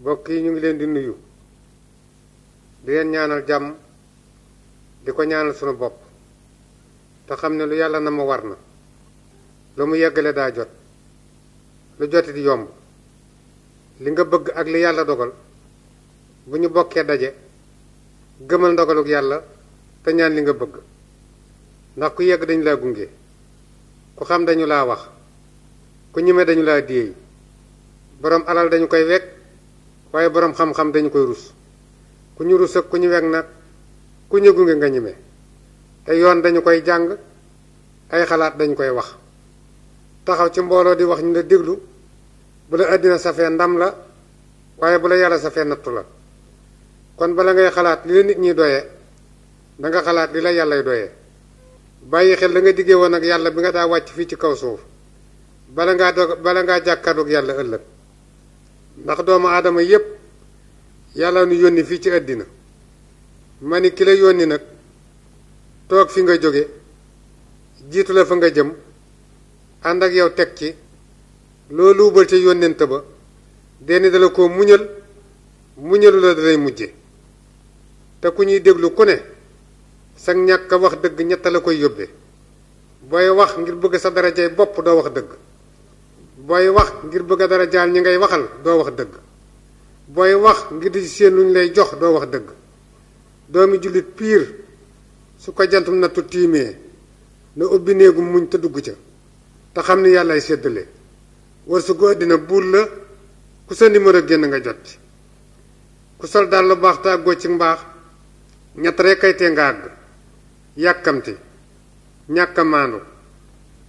mbokk yi ñu ngi leen di nuyu di leen ñaanal jàmm di ko ñaanal sunu bopp te xam ne lu yàlla na ma war na lu mu yeggale daa jot lu joti di yomb li nga bëgg ak li yàlla dogal bu ñu bokkee daje gëmal ndogaluk yàlla te ñaan li nga bëgg ndax ku yegg dañu laa gunge ku xam dañu laa wax ku ñime dañu laa déey boroom alal dañu koy wekk waaye boroom xam-xam dañu koy rus ku ñu rus ak ku ñu weg nag ku ñu gunge nga ñime te yoon dañu koy jàng ay xalaat dañu koy wax taxaw ci mbooloo di wax ñu la déglu bu la àddina safee ndam la waaye bu la yàlla safee nattu la kon bala ngay xalaat li la nit ñi doyee danga xalaat li la yàllay doyee bàyyi xel la nga diggee woon ak yàlla bi nga daa wàcc fii ci kaw suuf bala ngaa dog bala ngaa jàkkaarloog yàlla ëllëg ndax doomu aadama yépp yàlla nu yónni fii ci àddina ma ni ki la yónni nag toog fi nga jóge jiitu la fa nga jëm ànd ak yow teg ci loolu ubal ca yónnent ba denn dala ko muñal muñalu la dalay mujje te ku ñuy déglu ku ne sag ñàkk wax dëgg ñett la koy yóbbe booy wax ngir bëgg sa darajay bopp doo wax dëgg boy wax ngir bëgg dara jaal ñi ngay waxal doo wax dëgg boy wax ngir di seen luñ lay jox doo wax dëgg doomi julit pire su ko jantum nattu tiimee na ubbi neegu muñ te dugg ca te xam ni yàllaay séddale war su ko dina buur la ku sa numéro génn nga jot ku sol baax te àggoo ci mbaax ñett rek kay nga àgg yàkkamti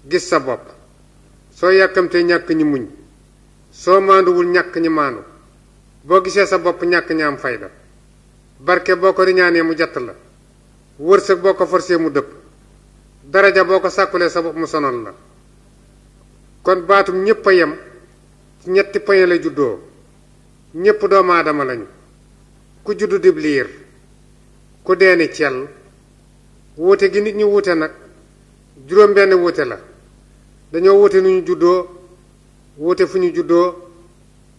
gis sa bopp so yàkkamtee ñak ñi muñ mandu wul ñak ñi mandu bo gisé sa bop ñak ñi am fayda barke boko riñané mu jatt la wërsëg boko forcé mu depp daraja boko sakulé sa bop mu sonal la kon batum ñepp yam ñetti paye la ñepp do ma aadama lañu ku juddu dib ku déni ciel wuté gi nit ñi wuté nak juroom benn wuté la dañoo wuute nu ñu juddoo wuute fu ñu juddoo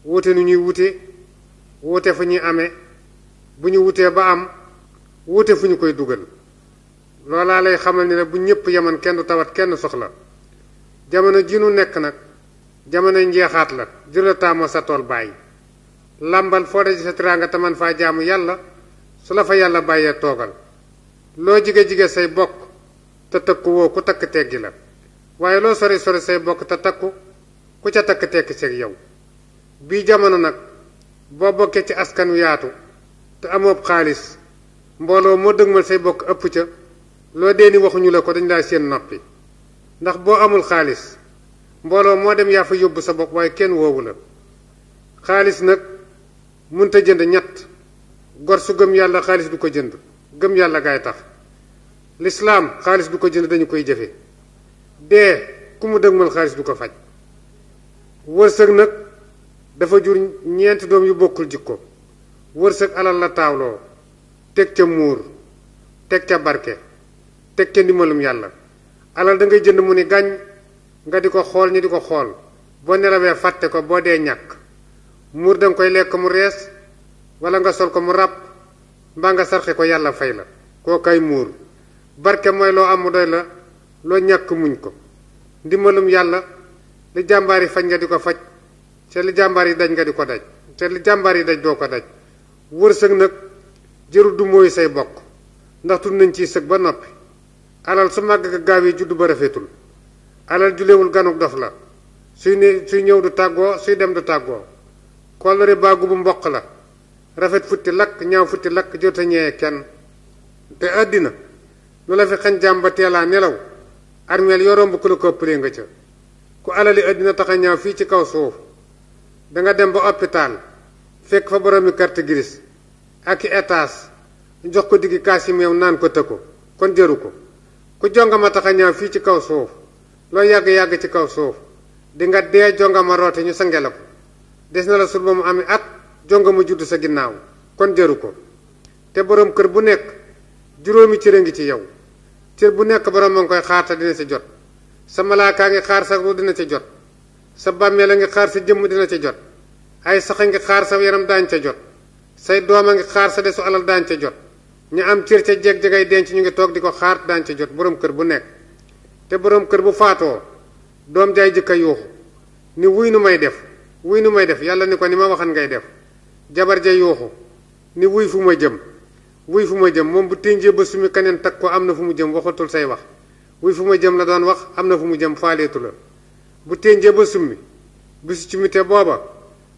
wuute nu ñuy wute wuute fu ñuy amee bu ñu wutee ba am wuute fu ñu koy dugal loolaa lay xamal ni ne bu ñëpp yeman kenn du tawat kenn soxla jamono ji nu nekk nag jamono njeexaat la jula taamoo sa tool bàyyi làmbal foo daje sa teraanga taman faa jaamu yàlla su la fa yàlla bàyyee toogal loo jige jige say bokk te tëkkuwoo ku takk teggi la waaye loo sori sori say bokk te takku ku ca takk tekk ceeg yow bii jamono nag boo bokkee ci askan wi yaatu te amoob xaalis mbooloo moo dëgmal say bokk ëpp ca loo dee ni waxuñu la ko dañ laa séen noppi ndax boo amul xaalis mbooloo moo dem yaa fa yóbbu sa bopp waaye kenn woowu la xaalis nag mënta jënd ñett gor su gëm yàlla xaalis bu ko jënd gëm yàlla gaay tax lislaam xaalis bu ko jënd dañu koy jëfe dee ku mu dëgmal xaalis du ko faj wërsëg nag dafa jur ñeenti doom yu bokkul jikko wërsëg alal la taawloo teg ca muur teg ca barke teg ca ndimbalum yàlla alal da ngay jënd mu ni gàññ nga di ko xool ñi di ko xool boo nelawee fàtte ko boo dee ñàkk muur danga koy lekk mu rees walla nga sol ko mu ràbb mbaa nga sarxe ko yàlla fay la koo kay muur barke mooy loo am mu doy la loo ñàkk muñ ko ndimbalum yàlla li jàmbaar yi faj nga di ko faj te li jàmbaar yi daj nga di ko daj te li jàmbaar yi daj doo ko daj wërsëg nag jëru du mooy say bokk ndax tudd nañ ciy sëg ba noppi alal su màgg ak gaaw yi juddu ba rafetul alal julewul ganuk dof la suy ne suy ñëw du tàggoo suy dem du tàggoo kóllëre baagu bu mboq la rafet futti lakk ñaaw futti lakk jot a kenn te àddina lu la fi xañ jàmm ba teelaa nelaw armel yoo romb ko la koppalee nga ca ku alali adina taxanya fi ci kaw suuf nga dem ba hopital fekk fa boroomi carte grise ak etas jox ko digi kaasi meew ko teko kon jëru ko ku jongama tax a ñaaw ci kaw suuf lo yag yag ci kaw suuf di nga jongama ñu ko des na la sul bu mu at jongama juddu sa ginnaw kon jëru ko te borom keur bu nek juromi ci rengi ci yow cër bu nekk borom ma ngi koy xaar te dina ci jot sa malaakaa ngi xaar sa ru dina ci jot sa bàmmeel a ngi xaar sa jëmm dina ca jot ay sax a ngi xaar sa yaram daañ ca jot say doom a ngi xaar sa desu alal daañ ca jot ñu am cër ca jeg jegay denc ñu ngi toog di ko xaar daañ ca jot boroom kër bu nekk te borom kër bu faatoo doom jaay jëkka yuuxu ni wuy nu may def wuy nu may def yàlla ni ko ni ma waxan ngay def jabar ja yuuxu ni wuy fu ma jëm wuy fu ma jëm moom bu ténjee ba sumi keneen tag ko am na fu mu jëm waxatul say wax wuy fu ma jëm la daan wax am na fu mu jëm faaleetu la bu ténjee ba summi bisu ci mite booba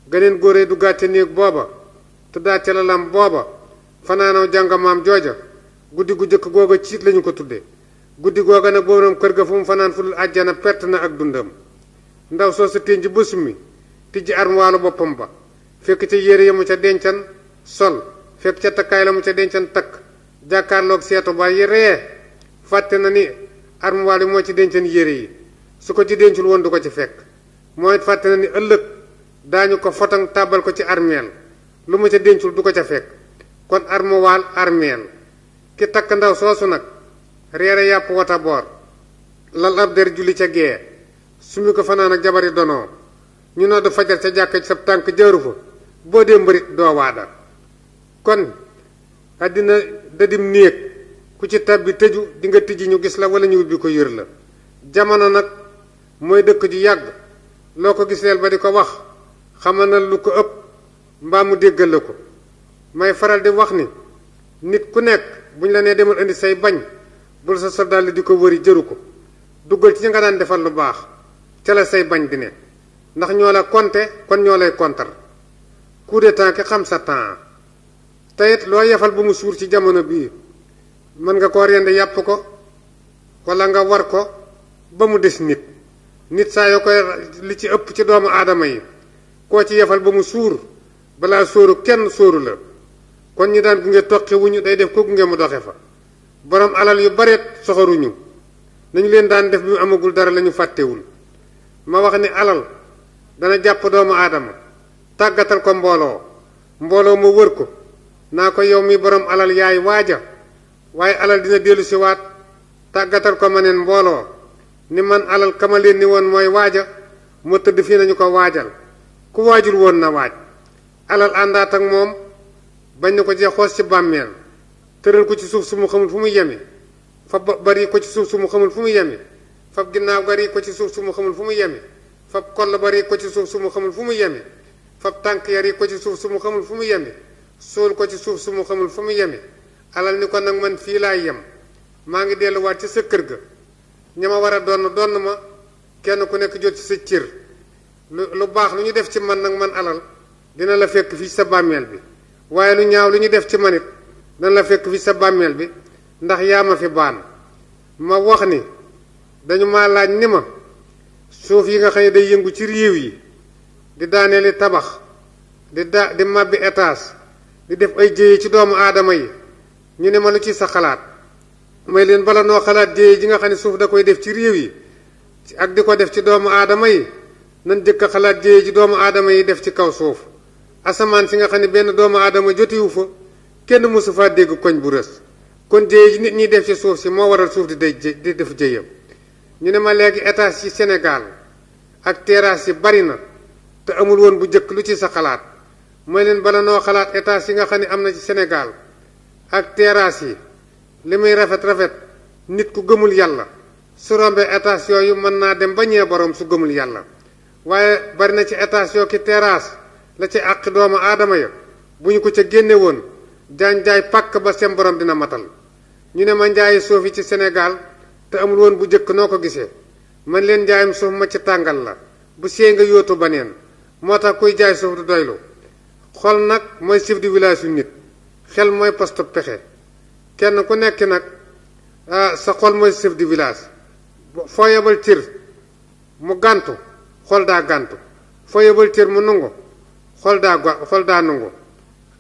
ganeen góoree du gàcce néeg booba tëddaa ca lalam booba fanaanaw jàngamaam jooja guddi gu jëkk googa ciit lañu ko tudde guddi googa nag boroom kër ga fu mu fanaan fulul àjjana perte na ak dundam ndaw soo sa ténj ba summi tijji armuwaalu boppam ba fekk ca yére yamu ca dencan sol fekk ca takkaay la mu ca dencan takk jàkkaarloog seetu ba yëree fàtte na ni armuwaal yi moo ci dencan yére yi su ko ci dencul woon du ko ci fekk mooy fàtte na ni ëllëg daañu ko fotang tàbbal ko ci armeel lu mu ca dencul du ko ca fekk kon armuwaal armeel ki takk ndaw soosu nag reere yàpp wata boor lal ab der julli ca gee sumi ko ak jabari donoo ñu noddu fajar ca jàkka ci sab tànk jaaru fa boo dee mbërit doo kon àddina dadim néeg ku ci tàbbi tëju di nga tijji ñu gis la wala ñu ubbi ko yër la jamono nag mooy dëkk ju yàgg loo ko gis giseel ba di ko wax na lu ko ëpp mbaam mu déggal la ko may faral di wax ni nit ku nekk bu ñu la nee demal indi say bañ bul sa soldat li di ko wëri jëru ko duggal ci ña nga daan defal lu baax ca la say bañ di ne ndax ñoo la konte kon ñoo lay kontar coup de temps ki xam sa temps teyit loo yafal ba mu suur ci jamono bii mën nga koo rend yàpp ko walla nga war ko ba mu des nit nit saa yoo koy li ci ëpp ci doomu aadama yi koo ci yafal ba mu suur balaa sóoru kenn sóoru la kon ñi daan gunge toqi wuñu day def ko gunge mu doxe fa borom alal yu bareet soxoruñu nañu leen daan def bi mu amagul dara lañu fàttewul ma wax ni alal dana jàpp doomu aadama tàggatal ko mbooloo mbooloo ma wër ko naa ko yow mi borom alal yaay waaja waaye alal dina dellu si waat tàggatal ko ma neen mbooloo ni man alal kama ni woon mooy waaja moo tëdd fii nañu ko waajal ku waajul woon na waaj alal àndaat ak moom bañ na ko cee xoos ci bàmmeel tëral ko ci suuf su mu xamul fu muy yemi fab bari ko ci suuf su mu xamul fu muy yemi fab ginnaaw bari ko ci suuf su mu xamul fu muy yemi fab koll bari ko ci suuf su mu xamul fu mu yemi fab tànk yari ko ci suuf su mu xamul fu muy yemi Sul ko ci suuf su mu xamul fu yeme alal ni ko nak man fi la yem ma ngi wat ci sa keur ga ñama wara don don ma kenn ku nek jot ci sa lu bax lu ñu def ci man nak man alal dina la fekk fi sa wa bi waye lu ñaaw lu ñu def ci manit dina la fekk fi sa bammel bi ndax ya ma fi baan ma wax ni dañu ma laaj ni ma suuf yi nga xam day yëngu ci réew yi di daaneli tabax di da di mabbi étage di def ay jéey ci doomu aadama yi ñu ne ma lu ci sa xalaat may leen bala noo xalaat jéey ji nga xam ne suuf da koy def ci réew yi ak di ko def ci doomu aadama yi nan jëkk a xalaat jéey ji doomu aadama yi def ci kaw suuf asamaan si nga xam ne benn doomu aadama jotiwu fa kenn mësu faa dégg koñ bu rës kon jéey ji nit ñi def ci suuf si moo waral suuf di day di def jéeyam ñu ne ma léegi étage ci senegal ak teraas yi bari na te amul woon bu njëkk lu ci sa xalaat mooy leen bala noo xalaat étage yi nga xam ne am na ci senegaal ak teraas yi li muy rafet-rafet nit ku gëmul yàlla su rombee étage yooyu mën naa dem ba ñee borom su gëmul yàlla waaye bari na ci étage yoo ki teraas la ci àq doomu aadama ya bu ñu ko ca génne woon jaan jaay pàkk ba seen dina matal ñu ne ma njaayi suuf yi ci Sénégal te amul woon bu jëkk noo ko gisee man leen njaayam suuf ma ci tàngal la bu see nga yóotu baneen moo tax kuy jaay suuf du doylu xol nag mooy chef de village yu nit xel mooy poste pexe kenn ku nekk nag ah, sa xol mooy chef de village foo yebal cër mu gàntu xol daa gàntu mu nangu xol daa xol daa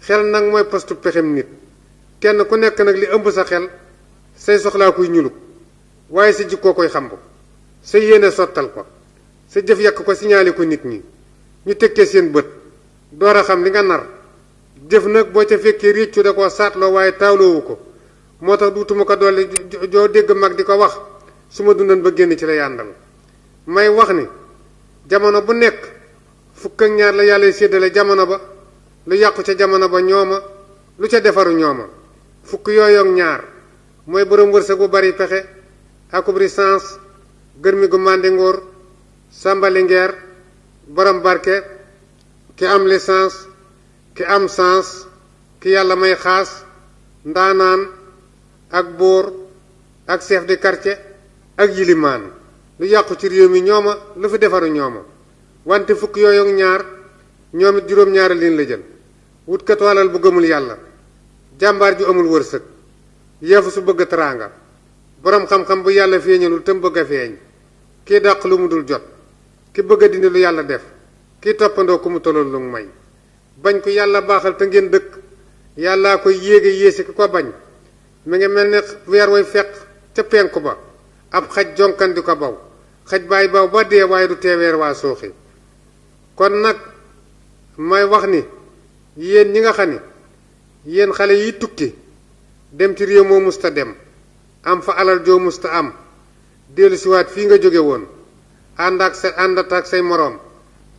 xel nag mooy poste pexem nit kenn ku nekk nag li ëmb sa xel say soxlaa kuy ñulug waaye sa jikkoo koy xamb sa yéene sottal ko sa jëf yàq ko siñaale ko nit ñi ñu tekkee seen bët door a xam li nga nar jëf nag boo ca fekkee riccu da koo saatloo waaye taaloowu ko moo tax duutuma ko dolli joo dégg mag di ko wax su ma dundan ba génn ci la yàndal may wax ni jamono bu nekk fukk ak ñaar la yàlla séddale jamono ba lu yàqu ca jamono ba ñooma lu ca defaru ñooma fukk yooyu ak ñaar mooy boroom wërsëg bu bari pexe akubri sens gërmi gu màndi ngóor sàmbali borom barke ki am licence ki am sens ki yàlla may xaas ndaanaan ak buur ak chef de quartier ak yilimaan lu yàqu ci réew mi ñooma lu fi defaru ñooma wante fukk yooyu ak ñaar ñoom it juróom-ñaari liin la jël wutkatu alal bu yàlla jàmbaar ju amul wërsëg yeefu su bëgg teraanga boroom xam-xam bu yàlla feeñalul tëm bëgg feeñ kii dàq lu mu dul jot ki bëgg a dindi lu yàlla def kii toppandoo ku mu tolloon lu may bañ ko yàlla baaxal te ngeen dëkk yàllaa koy yéege yéesi ki ko bañ mi ngi mel na weer way feq ca penku ba ab xaj jonkan ko baw xaj baay baw ba dee waaye du tee waa sooxi kon nag may wax ni yéen ñi nga xam ni yéen xale yi tukki dem ci réew moo musta dem am fa alal joo musta am dellusiwaat fii nga jóge woon ànd ak sa àndat ak say moroom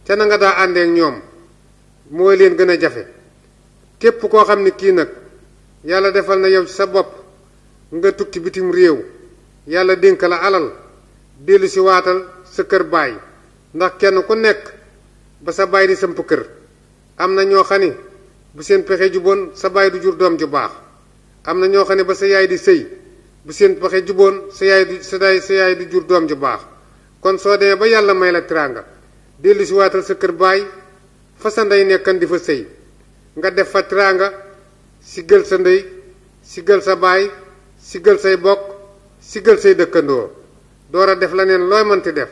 te na nga daa ak ñom mo leen gëna jafé jafe képp ko xamni ki nak yalla defal na yow sa bop nga tukki bitim réew yalla denk la alal delu ci watal sa kër bay ndax kenn ku nekk ba sa bay di samp kër am ño xani bu seen sa bay du jur dom ju baax am ño xani ba sa yaay di sey bu seen pexe juboon sa yaay di sa yaay sa yaay di jur dom ju baax kon so dé ba yalla may la delu ci watal sa kër bay fa sa nday nekkan di fa sëy nga def fa tranga siggal sa nday siggal sa bay siggal say bok siggal say dekkando door def lanen loy man ti def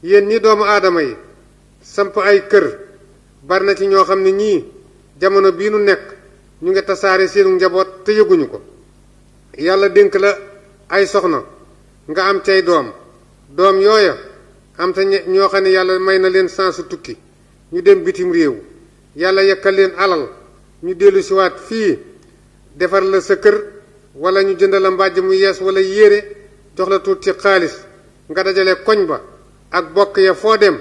yen ni doomu adama yi samp ay kër barna ci ño xamni ne jamono bi nu nekk ñu nga seenu njabot te yeguñu ko yalla denk la ay soxna nga am tay doom doom am te ñoo xam ne yàlla may na leen sansu tukki ñu dem bitim réew yàlla yekkal leen alal ñu dellu siwaat fii defar la sa kër wala ñu jënd la mbàjj mu yees wala yére jox la tuuti ci xaalis nga dajale koñ ba ak bokk ya foo dem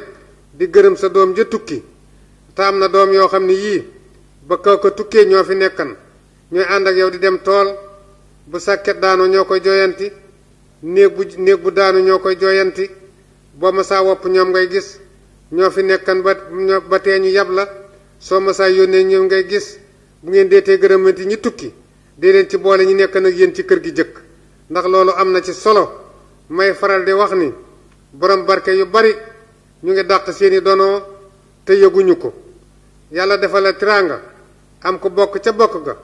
di gërëm sa doom ja tukki te am na doom yoo xam ne yii ba kaw ko tukkee ñoo fi nekkan ñooy ànd ak yow di dem tool bu sàkket daanu ñoo koy jooyanti néeg bu néeg bu daanu ñoo koy jooyanti boo masaa wopp ñoom ngay gis ñoo fi nekkan ba ba tee ñu yab la soo masaa yónnee ñoom ngay gis bu ngeen deetee gërëmanti ñi tukki dee leen ci boole ñi nekk ak yéen ci kër gi jëkk ndax loolu am na ci solo may faral di wax ni borom barke yu bari ñu ngi dàq seeni donoo te yëguñu ko yàlla defala la tiraanga am ko bokk ca bokk ga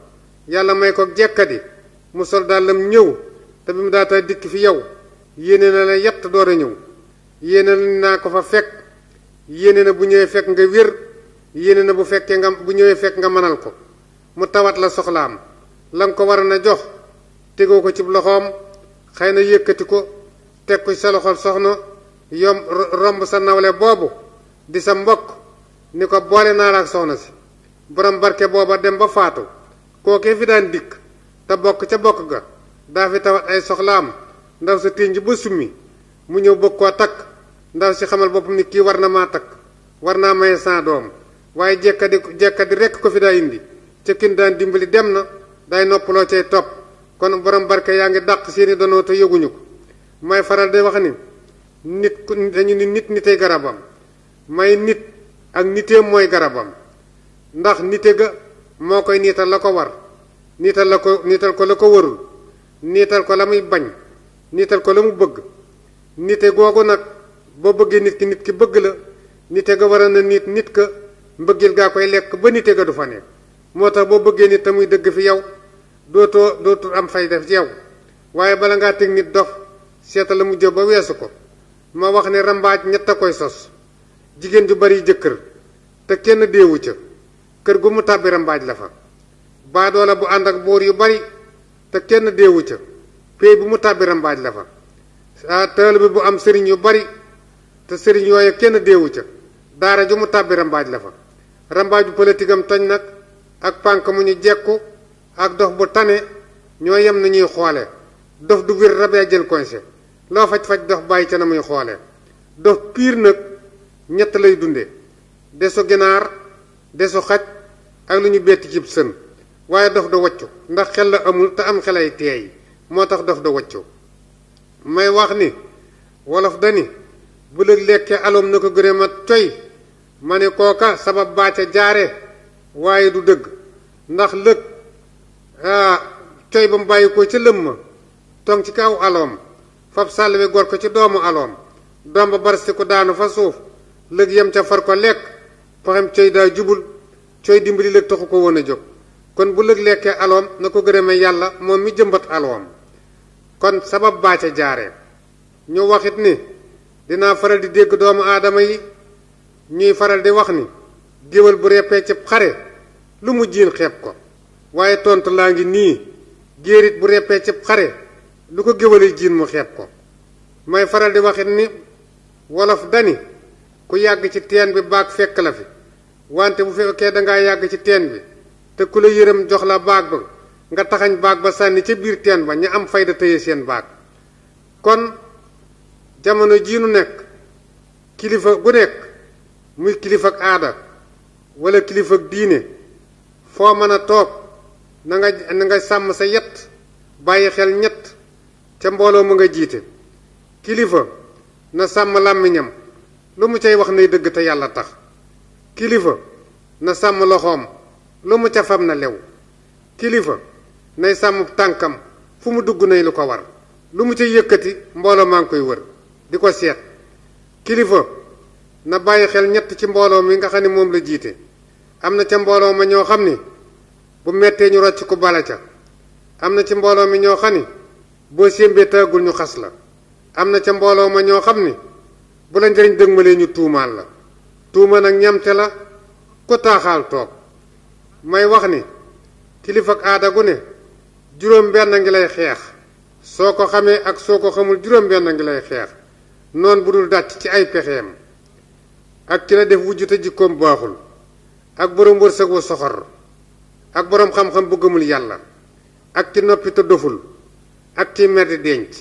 yàlla may ko jekkadi mu sol dàllam ñëw te bi mu daata dikk fi yow yéene na la yett door ñëw yene na ko fa fek yene na bu ñewé fek nga wér yene na bu fekke nga bu ñewé fek nga manal ko mu tawat la soxlaam la ko war na jox tego ko ci loxom xeyna na ko tek ko sa loxol soxna yom romb sa nawle bobu di sa mbokk ni ko boole naa la ak soxna ci borom barké boba dem ba faatu ke fi daan dik ta bok ca bok ga da fi tawat ay soxlaam ndaw sa tinj bu summi mu ñew bokko tak ndaw si xamal boppam ni kii war na maa takk war naa may saa doom waaye jekkadi jekkadi rekk ko fi daa indi ca kin daan dimbali dem na day noppaloo cay topp kon borom barke yaa ngi dàq seeni donoo te yëguñu ko may faral day wax ni nit ku dañu ni nit nitey garabam may nit ak niteem mooy garabam ndax nite ga moo koy niital la ko war niital la ko niital ko la ko warul niital ko la muy bañ niital ko la mu bëgg nite googu nag boo bëggee nit ki nit ki bëgg la nite nga war a na nit nit ka mbëggeel gaa koy lekk ba nite ga du fa nekk moo tax boo bëggee nit te muy dëgg fi yow dootoo dootul am fay def ci waaye bala ngaa teg nit dof seeta la mu jë ba weesu ko ma wax ne rambaaj ñett a koy sos jigéen ju bari jëkkër te kenn deewu ca kër gu mu tàbbi rambaaj la fa baadoola bu ànd ak boor yu bari te kenn deewu ca pay bu mu tàbbi rambaaj la fa ah, taal bi bu am sëriñ yu bari te sëriñ yooyu kenn déewu ca daara ju mu tàbbi rambaaj la fa rambaaju politique am tañ nag ak pànk mu ñu jekku ak dox bu tane ñoo yem na ñuy xoole dof du wir rabee jël conseil loo faj-faj dof bàyyi ca na muy xoole dof piir nag ñett lay dunde desu ginaar desu xaj ak lu ñu betti cib sën waaye dof da waccu ndax xel la amul te am xelay teey moo tax dof da waccu may wax ni wolof dani bu la lekkee alom na ko gërëm a toy ma ne kooka sabab baa ca jaare waaye du dëgg ndax lëg coy ah, ba mu bàyyi ko ca lëmm tong ci kaw aloom fab sàllwe gor ko ci doomu aloom doom ba barasti ko daanu fa suuf lëg yem ca far ko lekk paxem coy daa jubul coy dimbali lëg taxu ko woon a jóg kon bu lëg lekkee aloom na ko gërëmee yàlla moom mi jëmbat aloom kon sabab baa ca jaare ñu waxit ni dinaa faral di dégg doomu aadama yi ñuy faral di wax ni géwél bu reppee ci xare lu mu jiin xeeb ko waaye tontu laa ngi nii géerit bu reppee ci xare lu ko géwéli jiin mu xeeb ko may faral di waxit ni wolof dani ku yàgg ci teen bi baag fekk la fi wante bu fekkee dangaa yàgg ci teen bi te ku la yërëm jox la baag ba nga taxañ baag ba sànni ca biir teen ba ña am fayda tëye seen baag kon jamono jii nu nekk kilifa gu nekk muy kilifa ak aada wala kilifa diine foo mën a toog na nga sàmm sa yett bàyyi xel ñett ca mbooloo mu nga jiite kilifa na sàmm làmmiñam lu mu cay wax nay dëgg te yàlla tax kilifa na sàmm loxoom lu mu ca fam na lew kilifa nay sàmm tànkam fu mu dugg nay lu ko war lu mu ca yëkkati mbooloo maa ngi koy wër diko ko seet kilifa na bàyyi xel ñett ci mbolo mi nga xam mom la jité am na mbolo ma ño xamni bu metté ñu rocc ko bala ca am na ci mbolo mi ño xani bo sembe tagul ñu xass la am na mbolo ma ño xamni bu lañ njëriñ dëgmalee ñu tuumal la tuuma nag ñamte la ko taxal tok may wax ni kilifa ak aada gu ne juróom benn ngi lay xeex soo ko xamee ak soo ko xamul juróom benn ngi lay xeex noon bu dul dàtt ci ay pexeem ak ci la def wujjuta jikkoom baaxul ak boroom wërsëg wu soxor ak boroom xam-xam bu gëmul yàlla ak ci noppi te doful ak ci mer di denc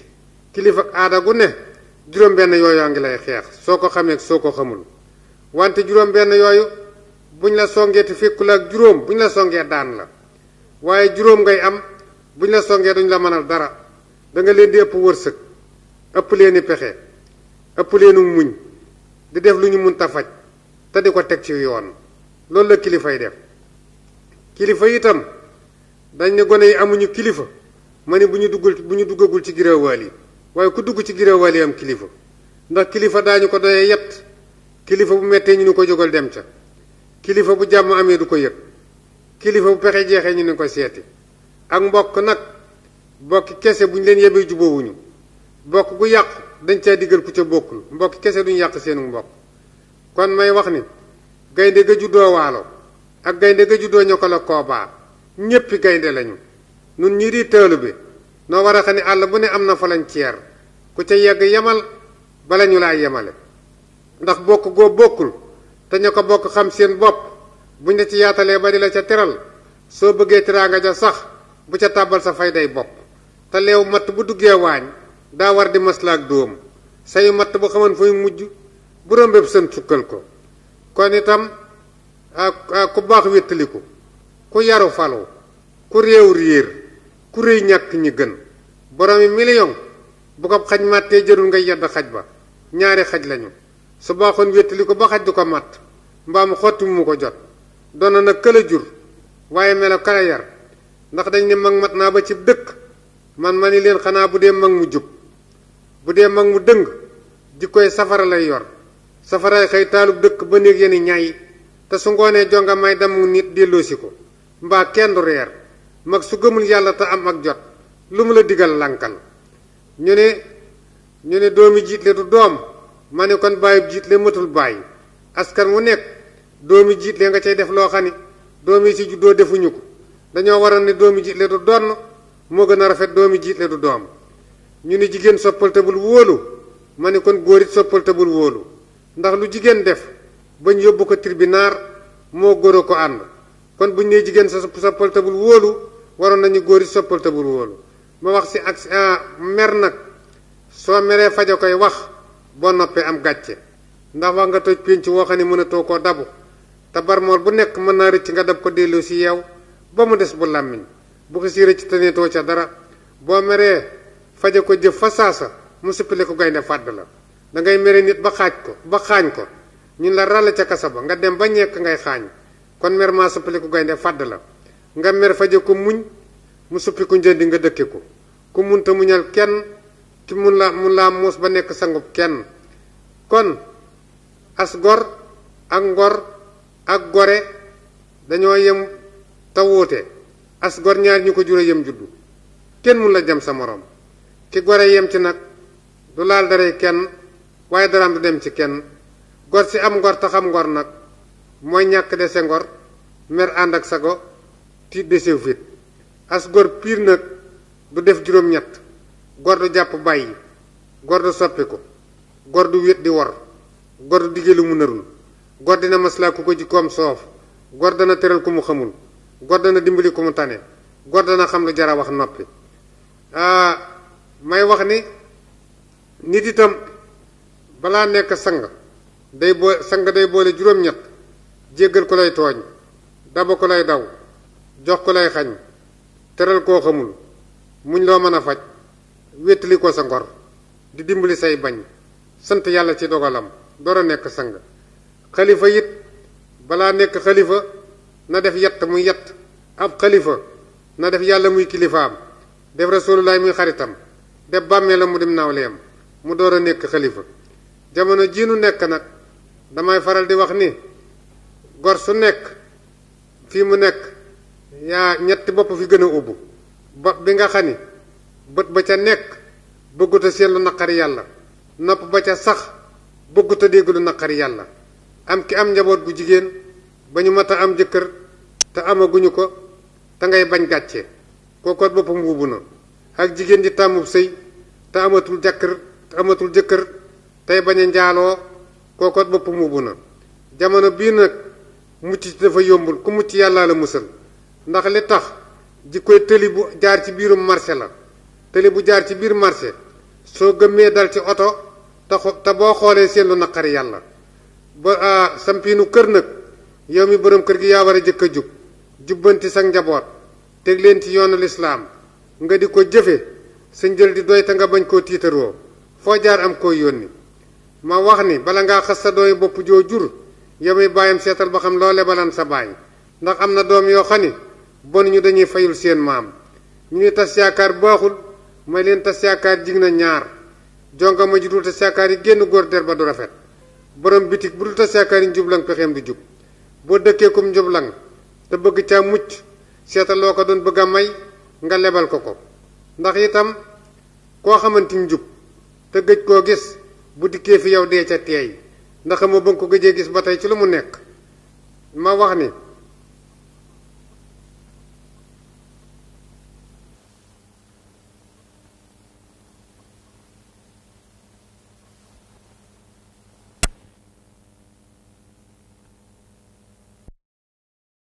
kilifa aada gu ne juróom benn yooyu ngi lay xeex soo ko xamee soo ko xamul wante juróom benn yooyu buñ la songee te fekku ak juróom buñ la songee daan la waaye juróom ngay am buñ la songee duñ la mënal dara danga nga leen di ëpp wërsëg ëpp leen i pexe ëpp leenu muñ di def lu ñu mun ta faj te di ko teg ci yoon loolu la kilifay yi def kilifa itam dañ ne gone yi amuñu kilifa ma ne bu ñu duggul bu ñu duggagul ci giraawaal yi waaye ku dugg ci giraawaal yi am kilifa ndax kilifa daañu ko doyee yett kilifa bu mettee ñu ni ko jógal dem ca kilifa bu jàmm amee du ko yëg kilifa bu pexe jeexee ñu ni ko seeti ak mbokk nag bokk kese bu ñu leen yebee jubóowuñu bokk gu yàqu dañ caa digal ku ca bokul mbokk kese duñ yak seen mbokk kon may wax ni gaynde ga juddo walo ak gaynde ga ñoko la ko ba ñepp gaynde lañu nun ñi ri teul bi no wara xani xam bu ne fa lañ ciir ku ca yegg yamal ba lañu la yemale ndax bokk go bokul te ñoko ko bokk xam seen bop buñ ne ci yaatalé ba di la ca teral so bëggee teraanga ja sax bu ca tabal sa fayday bop te bu duggé wañ daa war di maslaak dóom sayu matt bu xamoon fu mujj bu rombéb seen sukkal ko kon itam ku baax wéttaliku ku yaru falu ku réew réer ku réy ñàkk ñi gën boroomi million bu ko xaj màttee jërul ngay yedd xaj ba ñaari xaj lañu su baaxoon wéttaliku ba xaj du ko matt mbaam xotti mu ko jot doon na nag këla jur waaye melo kala yar ndax dañ ne mag mat naa ba ci dëkk man ma ni leen xanaa bu dee mag mu jub bu mag mu deung dikoy safara lay yor safara xëy talub dekk ba neeg yene ñaay ta su ngone jonga may dam nit delloosi ko mba kenn reer mag su gëmul yalla ta am ak jot lum la digal lankal ñune ñune doomi jiitle du dom mané kon bàyyib jiitle matul bàyyi askan mu nek doomi jiitle nga cey def lo xani ni doomi ci juddo defuñu ko dañoo waroon ne doomi jiitle du don mo gëna rafet doomi du dom ñu ni jigen soppal te bul wolu kon gorit soppal te bul wolu ndax lu jigen def bañ yobbu ko tribunal mo goro ko and kon buñ né jigen soppal te bul wolu waroon nañu gorit soppal te bul wolu ma wax ci ak ah, mer nak so meré fajo koy wax bo noppé am gatché ndax wa nga toj pinch wo xani mëna to ko dabu te barmool bu nek mën naa rëcc nga dab ko delloo ci yeew ba mu dess bu bu ko rëcc tané to ca dara bo faje ko jëf fa sasa mu sippile ko gaynde fàdd la da ngay méré nit ba xaj ko ba xaañ ko ñun la ral ci kassa ba nga dem ba ñek ngay xaañ kon mer ma sippile ko gaynde fàdd la nga mer faje ko muñ mu suppi ku njëndi nga dëkke ko ku mun ta muñal kenn ki mun la la mos ba nek kenn kon asgor, gor ak ngor ak goré dañoo yem te asgor as gor ñaar ñuko jure yem juddu kenn mu la jam sa morom ki gore yem ci nag du laal darey kenn waaye daraam du dem ci kenn gor si am ngor taxam ngor nag mooy ñàkk dese ngor mer ànd ak sago tiit desew fit as gor piir nag du def juróom-ñett gor du jàpp bàyyi gor du soppi gor du wét di wor gor du digge lu mu narul gor dina maslaa ku ko jikkoom soof gor dana tëral ku mu xamul gor dana dimbali ku mu tane gor dana xam lu jara wax noppi ah, may wax ni nit itam balaa nekk sang day boo sang day boole juróom-ñett jéggal ko lay tooñ daba ko lay daw jox ko lay xañ teral koo xamul muñ loo mën a faj wéttali ko sa ngor di dimbali say bañ sant yàlla ci dogalam door a nekk sang xalifa it balaa nekk xalifa na def yett muy yett ab xalifa na def yàlla muy kilifaam def rasulullaay muy xaritam de la mu dem nawleem mu door a nekk xalifa jamono jii nekk nag damay faral di wax ni gor su nekk fii mu nekk yaa ñetti bopp fi gën a ubbu bopp bi nga xam ni bët ba ca nekk bëggut a seetlu naqari yàlla nopp ba ca sax bëggut dégg lu naqari yàlla am ki am njaboot gu jigéen ba ñu mat a am jëkkër te amaguñu ko te ngay bañ gàcce kookoot boppam wuubu na ak jigéen ji tàmmub sëy te amatul jëkkër te amatul jëkkër tey bañ a njaaloo kookoot bopp muubu na jamono bii nag mucc ci dafa yombul ku mucc yàllaa la musal ndax li tax ji koy tëli bu jaar ci biirum marché la tëli bu jaar ci biir marché soo gëmmee dal ci oto te te boo xoolee seen lu naqari yàlla ba sampiinu kër nag yow mi boroom kër gi yaa war a jëkk a jub jubbanti sa njaboot teg leen ci yoonu lislaam nga di ko jëfe sa njël di doyta nga bañ koo tiitaroo fo jaar am koy yoni, ma wax ni bala nga xassa doy bop jo jur yamay bayam setal ba xam lolé balan sa bay ndax am dom yo xani bon ñu dañuy fayul seen mam, ñu siakar tass yaakaar siakar may leen tass yaakaar jig siakari ñaar jonga ma jidul tass tas yi genn gor der ba du rafet borom bitik bu dul yi njublang pexem du jub bo dekke kum njublang te bëgg ca mucc setal loko doon may nga lebal ko ko ndax itam koo xamante ni jub te gëj koo gis bu dikkee fi yow dee ca teey ndax ma bëgg ko gëjee gis ba tey ci lu mu nekk ma wax ni